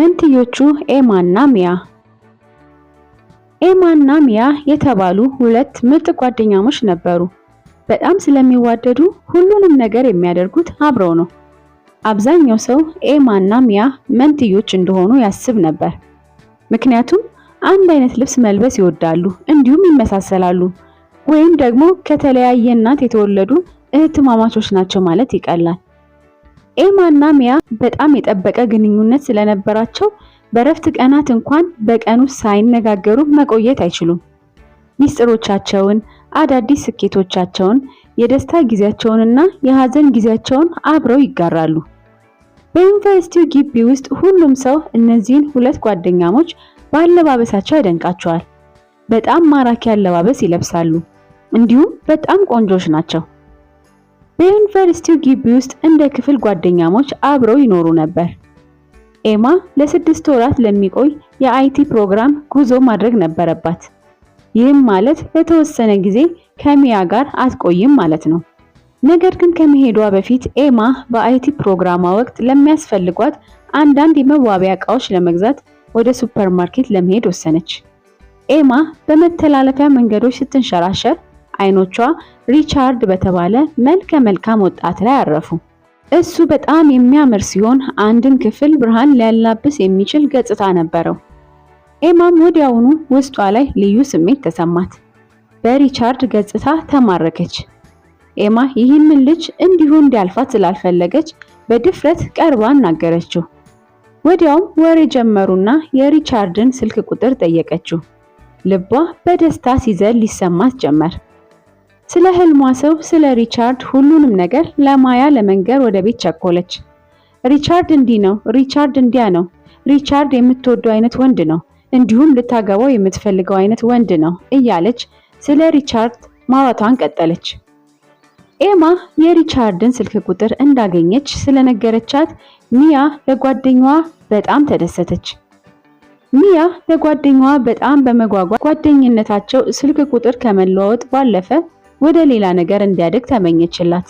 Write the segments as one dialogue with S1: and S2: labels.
S1: መንትዮቹ ኤማና ሚያ ኤማና ሚያ የተባሉ ሁለት ምርጥ ጓደኛሞች ነበሩ። በጣም ስለሚዋደዱ ሁሉንም ነገር የሚያደርጉት አብረው ነው። አብዛኛው ሰው ኤማና ሚያ መንትዮች እንደሆኑ ያስብ ነበር። ምክንያቱም አንድ አይነት ልብስ መልበስ ይወዳሉ፣ እንዲሁም ይመሳሰላሉ። ወይም ደግሞ ከተለያየ እናት የተወለዱ እህትማማቾች ናቸው ማለት ይቀላል። ኤማና ሚያ በጣም የጠበቀ ግንኙነት ስለነበራቸው በእረፍት ቀናት እንኳን በቀኑ ሳይነጋገሩ መቆየት አይችሉም። ሚስጥሮቻቸውን፣ አዳዲስ ስኬቶቻቸውን፣ የደስታ ጊዜያቸውንና የሀዘን ጊዜያቸውን አብረው ይጋራሉ። በዩኒቨርሲቲው ግቢ ውስጥ ሁሉም ሰው እነዚህን ሁለት ጓደኛሞች በአለባበሳቸው ያደንቃቸዋል። በጣም ማራኪ አለባበስ ይለብሳሉ፣ እንዲሁም በጣም ቆንጆች ናቸው። በዩኒቨርሲቲው ግቢ ውስጥ እንደ ክፍል ጓደኛሞች አብረው ይኖሩ ነበር። ኤማ ለስድስት ወራት ለሚቆይ የአይቲ ፕሮግራም ጉዞ ማድረግ ነበረባት። ይህም ማለት ለተወሰነ ጊዜ ከሚያ ጋር አትቆይም ማለት ነው። ነገር ግን ከመሄዷ በፊት ኤማ በአይቲ ፕሮግራሟ ወቅት ለሚያስፈልጓት አንዳንድ የመዋቢያ እቃዎች ለመግዛት ወደ ሱፐርማርኬት ለመሄድ ወሰነች። ኤማ በመተላለፊያ መንገዶች ስትንሸራሸር አይኖቿ ሪቻርድ በተባለ መልከ መልካም ወጣት ላይ አረፉ። እሱ በጣም የሚያምር ሲሆን አንድን ክፍል ብርሃን ሊያላብስ የሚችል ገጽታ ነበረው። ኤማም ወዲያውኑ ውስጧ ላይ ልዩ ስሜት ተሰማት። በሪቻርድ ገጽታ ተማረከች። ኤማ ይህንን ልጅ እንዲሁ እንዲያልፋት ስላልፈለገች በድፍረት ቀርባ አናገረችው። ወዲያውም ወሬ ጀመሩና የሪቻርድን ስልክ ቁጥር ጠየቀችው። ልቧ በደስታ ሲዘል ሊሰማት ጀመር። ስለ ህልሟ ሰው ስለ ሪቻርድ ሁሉንም ነገር ለማያ ለመንገር ወደ ቤት ቸኮለች። ሪቻርድ እንዲህ ነው፣ ሪቻርድ እንዲያ ነው፣ ሪቻርድ የምትወደው አይነት ወንድ ነው፣ እንዲሁም ልታገባው የምትፈልገው አይነት ወንድ ነው እያለች ስለ ሪቻርድ ማውራቷን ቀጠለች። ኤማ የሪቻርድን ስልክ ቁጥር እንዳገኘች ስለነገረቻት ሚያ ለጓደኛዋ በጣም ተደሰተች። ሚያ ለጓደኛዋ በጣም በመጓጓት ጓደኝነታቸው ስልክ ቁጥር ከመለዋወጥ ባለፈ ወደ ሌላ ነገር እንዲያደግ ተመኘችላት።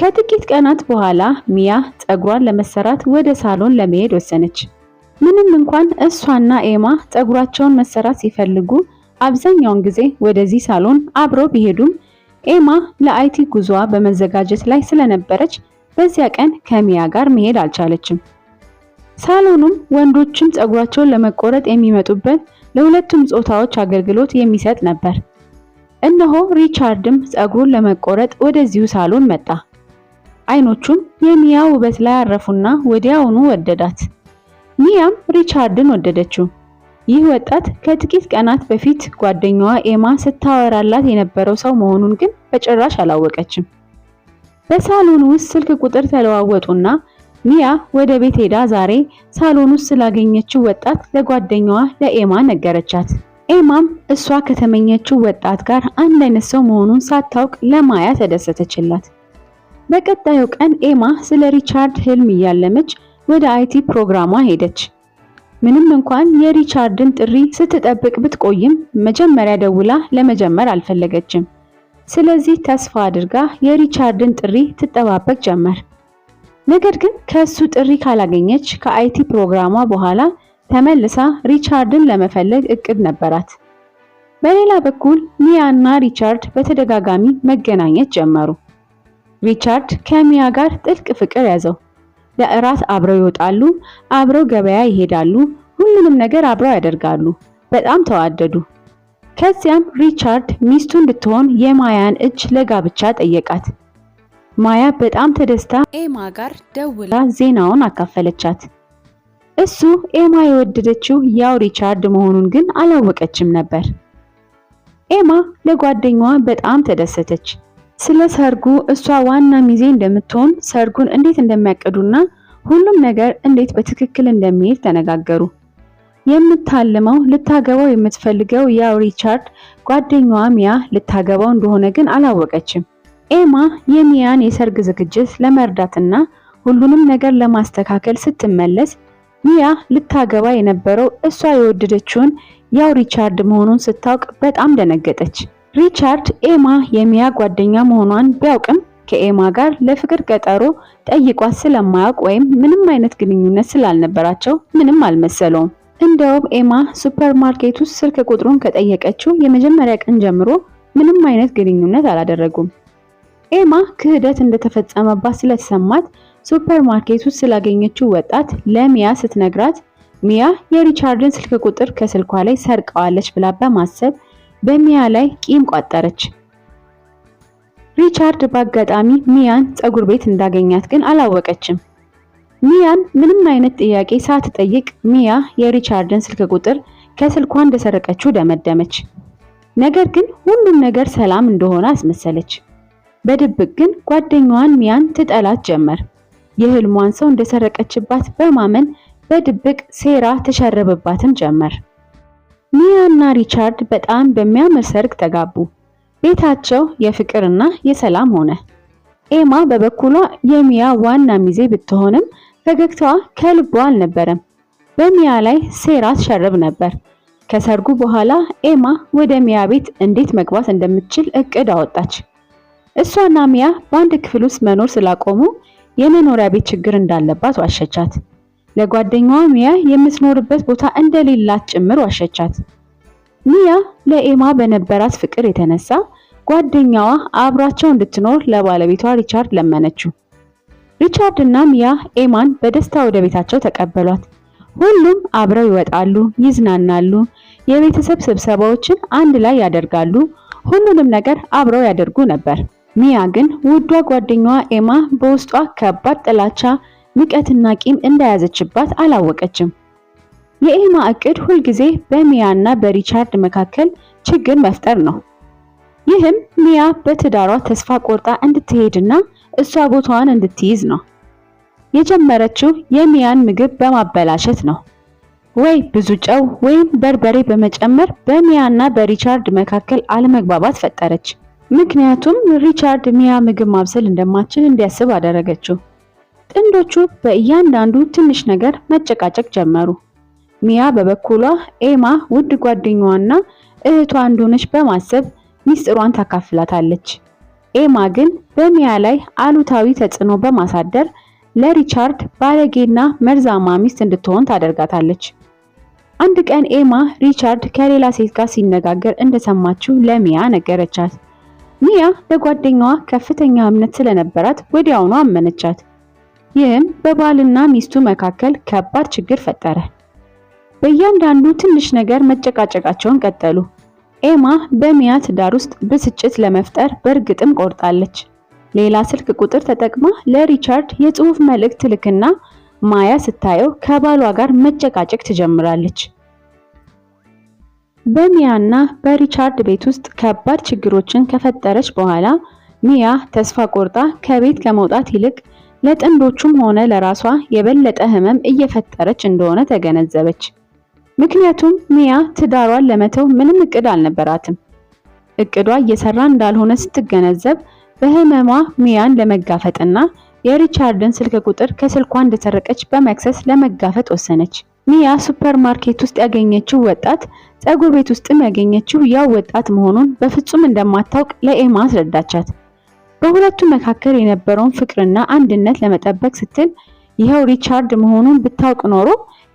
S1: ከጥቂት ቀናት በኋላ ሚያ ፀጉሯን ለመሰራት ወደ ሳሎን ለመሄድ ወሰነች። ምንም እንኳን እሷና ኤማ ፀጉራቸውን መሰራት ሲፈልጉ አብዛኛውን ጊዜ ወደዚህ ሳሎን አብረው ቢሄዱም ኤማ ለአይቲ ጉዞዋ በመዘጋጀት ላይ ስለነበረች በዚያ ቀን ከሚያ ጋር መሄድ አልቻለችም። ሳሎኑም ወንዶችም ፀጉራቸውን ለመቆረጥ የሚመጡበት ለሁለቱም ጾታዎች አገልግሎት የሚሰጥ ነበር። እነሆ ሪቻርድም ፀጉሩን ለመቆረጥ ወደዚሁ ሳሎን መጣ። አይኖቹም የሚያ ውበት ላይ አረፉና ወዲያውኑ ወደዳት። ሚያም ሪቻርድን ወደደችው። ይህ ወጣት ከጥቂት ቀናት በፊት ጓደኛዋ ኤማ ስታወራላት የነበረው ሰው መሆኑን ግን በጭራሽ አላወቀችም። በሳሎን ውስጥ ስልክ ቁጥር ተለዋወጡና ሚያ ወደ ቤት ሄዳ ዛሬ ሳሎን ውስጥ ስላገኘችው ወጣት ለጓደኛዋ ለኤማ ነገረቻት። ኤማም እሷ ከተመኘችው ወጣት ጋር አንድ አይነት ሰው መሆኑን ሳታውቅ ለማያ ተደሰተችላት። በቀጣዩ ቀን ኤማ ስለ ሪቻርድ ህልም እያለመች ወደ አይቲ ፕሮግራሟ ሄደች። ምንም እንኳን የሪቻርድን ጥሪ ስትጠብቅ ብትቆይም መጀመሪያ ደውላ ለመጀመር አልፈለገችም። ስለዚህ ተስፋ አድርጋ የሪቻርድን ጥሪ ትጠባበቅ ጀመር። ነገር ግን ከሱ ጥሪ ካላገኘች ከአይቲ ፕሮግራሟ በኋላ ተመልሳ ሪቻርድን ለመፈለግ እቅድ ነበራት። በሌላ በኩል ሚያ እና ሪቻርድ በተደጋጋሚ መገናኘት ጀመሩ። ሪቻርድ ከሚያ ጋር ጥልቅ ፍቅር ያዘው። ለእራት አብረው ይወጣሉ፣ አብረው ገበያ ይሄዳሉ፣ ሁሉንም ነገር አብረው ያደርጋሉ። በጣም ተዋደዱ። ከዚያም ሪቻርድ ሚስቱ እንድትሆን የማያን እጅ ለጋብቻ ጠየቃት። ማያ በጣም ተደስታ ኤማ ጋር ደውላ ዜናውን አካፈለቻት። እሱ ኤማ የወደደችው ያው ሪቻርድ መሆኑን ግን አላወቀችም ነበር። ኤማ ለጓደኛዋ በጣም ተደሰተች። ስለ ሰርጉ እሷ ዋና ሚዜ እንደምትሆን፣ ሰርጉን እንዴት እንደሚያቀዱና ሁሉም ነገር እንዴት በትክክል እንደሚሄድ ተነጋገሩ። የምታልመው ልታገባው የምትፈልገው ያው ሪቻርድ ጓደኛዋ ሚያ ልታገባው እንደሆነ ግን አላወቀችም። ኤማ የሚያን የሰርግ ዝግጅት ለመርዳትና ሁሉንም ነገር ለማስተካከል ስትመለስ ሚያ ልታገባ የነበረው እሷ የወደደችውን ያው ሪቻርድ መሆኑን ስታውቅ በጣም ደነገጠች። ሪቻርድ ኤማ የሚያ ጓደኛ መሆኗን ቢያውቅም ከኤማ ጋር ለፍቅር ቀጠሮ ጠይቋት ስለማያውቅ ወይም ምንም አይነት ግንኙነት ስላልነበራቸው ምንም አልመሰለውም። እንደውም ኤማ ሱፐርማርኬት ውስጥ ስልክ ቁጥሩን ከጠየቀችው የመጀመሪያ ቀን ጀምሮ ምንም አይነት ግንኙነት አላደረጉም። ኤማ ክህደት እንደተፈጸመባት ስለተሰማት ማርኬት ውስጥ ስላገኘችው ወጣት ለሚያ ስትነግራት ሚያ የሪቻርድን ስልክ ቁጥር ከስልኳ ላይ ሰርቀዋለች ብላ በማሰብ በሚያ ላይ ቂም ቋጠረች። ሪቻርድ በአጋጣሚ ሚያን ፀጉር ቤት እንዳገኛት ግን አላወቀችም። ሚያን ምንም አይነት ጥያቄ ሳትጠይቅ ሚያ የሪቻርድን ስልክ ቁጥር ከስልኳ እንደሰረቀችው ደመደመች። ነገር ግን ሁሉም ነገር ሰላም እንደሆነ አስመሰለች። በድብቅ ግን ጓደኛዋን ሚያን ትጠላት ጀመር። የህልሟን ሰው እንደሰረቀችባት በማመን በድብቅ ሴራ ተሸረበባትም ጀመር። ኒያ እና ሪቻርድ በጣም በሚያምር ሰርግ ተጋቡ። ቤታቸው የፍቅርና የሰላም ሆነ። ኤማ በበኩሏ የሚያ ዋና ሚዜ ብትሆንም ፈገግታዋ ከልቧ አልነበረም። በሚያ ላይ ሴራ ትሸርብ ነበር። ከሰርጉ በኋላ ኤማ ወደ ሚያ ቤት እንዴት መግባት እንደምትችል እቅድ አወጣች። እሷና ሚያ በአንድ ክፍል ውስጥ መኖር ስላቆሙ የመኖሪያ ቤት ችግር እንዳለባት ዋሸቻት። ለጓደኛዋ ሚያ የምትኖርበት ቦታ እንደሌላት ጭምር ዋሸቻት። ሚያ ለኤማ በነበራት ፍቅር የተነሳ ጓደኛዋ አብራቸው እንድትኖር ለባለቤቷ ሪቻርድ ለመነችው። ሪቻርድ እና ሚያ ኤማን በደስታ ወደ ቤታቸው ተቀበሏት። ሁሉም አብረው ይወጣሉ፣ ይዝናናሉ፣ የቤተሰብ ስብሰባዎችን አንድ ላይ ያደርጋሉ። ሁሉንም ነገር አብረው ያደርጉ ነበር። ሚያ ግን ውዷ ጓደኛዋ ኤማ በውስጧ ከባድ ጥላቻ፣ ንቀትና ቂም እንደያዘችባት አላወቀችም። የኤማ እቅድ ሁልጊዜ በሚያ እና በሪቻርድ መካከል ችግር መፍጠር ነው። ይህም ሚያ በትዳሯ ተስፋ ቆርጣ እንድትሄድና እሷ ቦታዋን እንድትይዝ ነው። የጀመረችው የሚያን ምግብ በማበላሸት ነው። ወይ ብዙ ጨው ወይም በርበሬ በመጨመር በሚያና በሪቻርድ መካከል አለመግባባት ፈጠረች። ምክንያቱም ሪቻርድ ሚያ ምግብ ማብሰል እንደማችል እንዲያስብ አደረገችው። ጥንዶቹ በእያንዳንዱ ትንሽ ነገር መጨቃጨቅ ጀመሩ። ሚያ በበኩሏ ኤማ ውድ ጓደኛዋና እህቷ እንደሆነች በማሰብ ሚስጥሯን ታካፍላታለች። ኤማ ግን በሚያ ላይ አሉታዊ ተጽዕኖ በማሳደር ለሪቻርድ ባለጌና መርዛማ ሚስት እንድትሆን ታደርጋታለች። አንድ ቀን ኤማ ሪቻርድ ከሌላ ሴት ጋር ሲነጋገር እንደሰማችው ለሚያ ነገረቻት። ሚያ ለጓደኛዋ ከፍተኛ እምነት ስለነበራት ወዲያውኑ አመነቻት። ይህም በባልና ሚስቱ መካከል ከባድ ችግር ፈጠረ። በእያንዳንዱ ትንሽ ነገር መጨቃጨቃቸውን ቀጠሉ። ኤማ በሚያ ትዳር ውስጥ ብስጭት ለመፍጠር በእርግጥም ቆርጣለች። ሌላ ስልክ ቁጥር ተጠቅማ ለሪቻርድ የጽሑፍ መልእክት ልክና ማያ ስታየው ከባሏ ጋር መጨቃጨቅ ትጀምራለች። በሚያና በሪቻርድ ቤት ውስጥ ከባድ ችግሮችን ከፈጠረች በኋላ ሚያ ተስፋ ቆርጣ ከቤት ከመውጣት ይልቅ ለጥንዶቹም ሆነ ለራሷ የበለጠ ህመም እየፈጠረች እንደሆነ ተገነዘበች። ምክንያቱም ሚያ ትዳሯን ለመተው ምንም እቅድ አልነበራትም። እቅዷ እየሰራ እንዳልሆነ ስትገነዘብ በህመሟ ሚያን ለመጋፈጥና የሪቻርድን ስልክ ቁጥር ከስልኳ እንደሰረቀች በመክሰስ ለመጋፈጥ ወሰነች። ሚያ ሱፐር ማርኬት ውስጥ ያገኘችው ወጣት ፀጉር ቤት ውስጥም ያገኘችው ያው ወጣት መሆኑን በፍጹም እንደማታውቅ ለኤማ አስረዳቻት። በሁለቱ መካከል የነበረውን ፍቅርና አንድነት ለመጠበቅ ስትል ይኸው ሪቻርድ መሆኑን ብታውቅ ኖሮ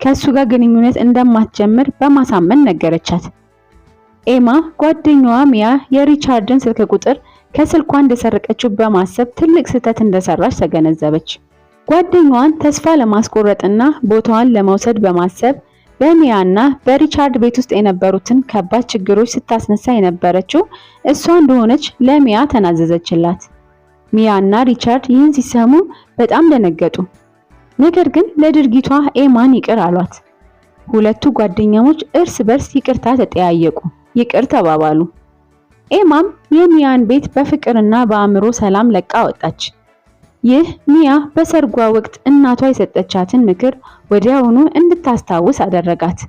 S1: ከእሱ ጋር ግንኙነት እንደማትጀምር በማሳመን ነገረቻት። ኤማ ጓደኛዋ ሚያ የሪቻርድን ስልክ ቁጥር ከስልኳ እንደሰረቀችው በማሰብ ትልቅ ስህተት እንደሰራች ተገነዘበች። ጓደኛዋን ተስፋ ለማስቆረጥና ቦታዋን ለመውሰድ በማሰብ በኒያ እና በሪቻርድ ቤት ውስጥ የነበሩትን ከባድ ችግሮች ስታስነሳ የነበረችው እሷ እንደሆነች ለሚያ ተናዘዘችላት። ሚያ እና ሪቻርድ ይህን ሲሰሙ በጣም ደነገጡ። ነገር ግን ለድርጊቷ ኤማን ይቅር አሏት። ሁለቱ ጓደኛሞች እርስ በርስ ይቅርታ ተጠያየቁ፣ ይቅር ተባባሉ። ኤማም የሚያን ቤት በፍቅርና በአእምሮ ሰላም ለቃ ወጣች። ይህ ኒያ በሰርጓ ወቅት እናቷ የሰጠቻትን ምክር ወዲያውኑ እንድታስታውስ አደረጋት።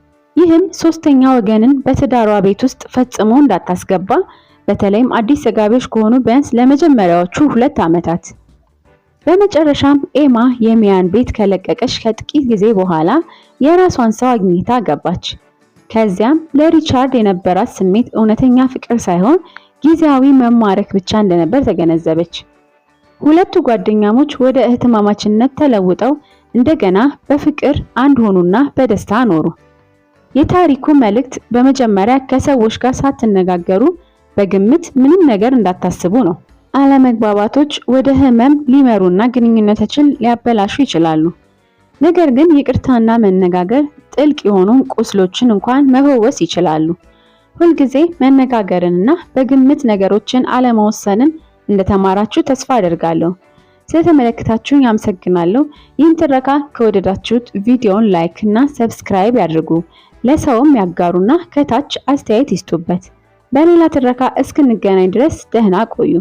S1: ይህም ሶስተኛ ወገንን በትዳሯ ቤት ውስጥ ፈጽሞ እንዳታስገባ በተለይም አዲስ ተጋቢዎች ከሆኑ ቢያንስ ለመጀመሪያዎቹ ሁለት ዓመታት። በመጨረሻም ኤማ የሚያን ቤት ከለቀቀች ከጥቂት ጊዜ በኋላ የራሷን ሰው አግኝታ ገባች። ከዚያም ለሪቻርድ የነበራት ስሜት እውነተኛ ፍቅር ሳይሆን ጊዜያዊ መማረክ ብቻ እንደነበር ተገነዘበች። ሁለቱ ጓደኛሞች ወደ እህትማማችነት ተለውጠው እንደገና በፍቅር አንድ ሆኑና በደስታ ኖሩ። የታሪኩ መልእክት በመጀመሪያ ከሰዎች ጋር ሳትነጋገሩ በግምት ምንም ነገር እንዳታስቡ ነው። አለመግባባቶች ወደ ሕመም ሊመሩና ግንኙነቶችን ሊያበላሹ ይችላሉ። ነገር ግን ይቅርታና መነጋገር ጥልቅ የሆኑ ቁስሎችን እንኳን መፈወስ ይችላሉ። ሁልጊዜ መነጋገርንና በግምት ነገሮችን አለመወሰንን እንደተማራችሁ ተስፋ አደርጋለሁ። ስለተመለከታችሁኝ አመሰግናለሁ። ይህን ትረካ ከወደዳችሁት ቪዲዮውን ላይክ እና ሰብስክራይብ ያድርጉ። ለሰውም ያጋሩና ከታች አስተያየት ይስጡበት። በሌላ ትረካ እስክንገናኝ ድረስ ደህና ቆዩ።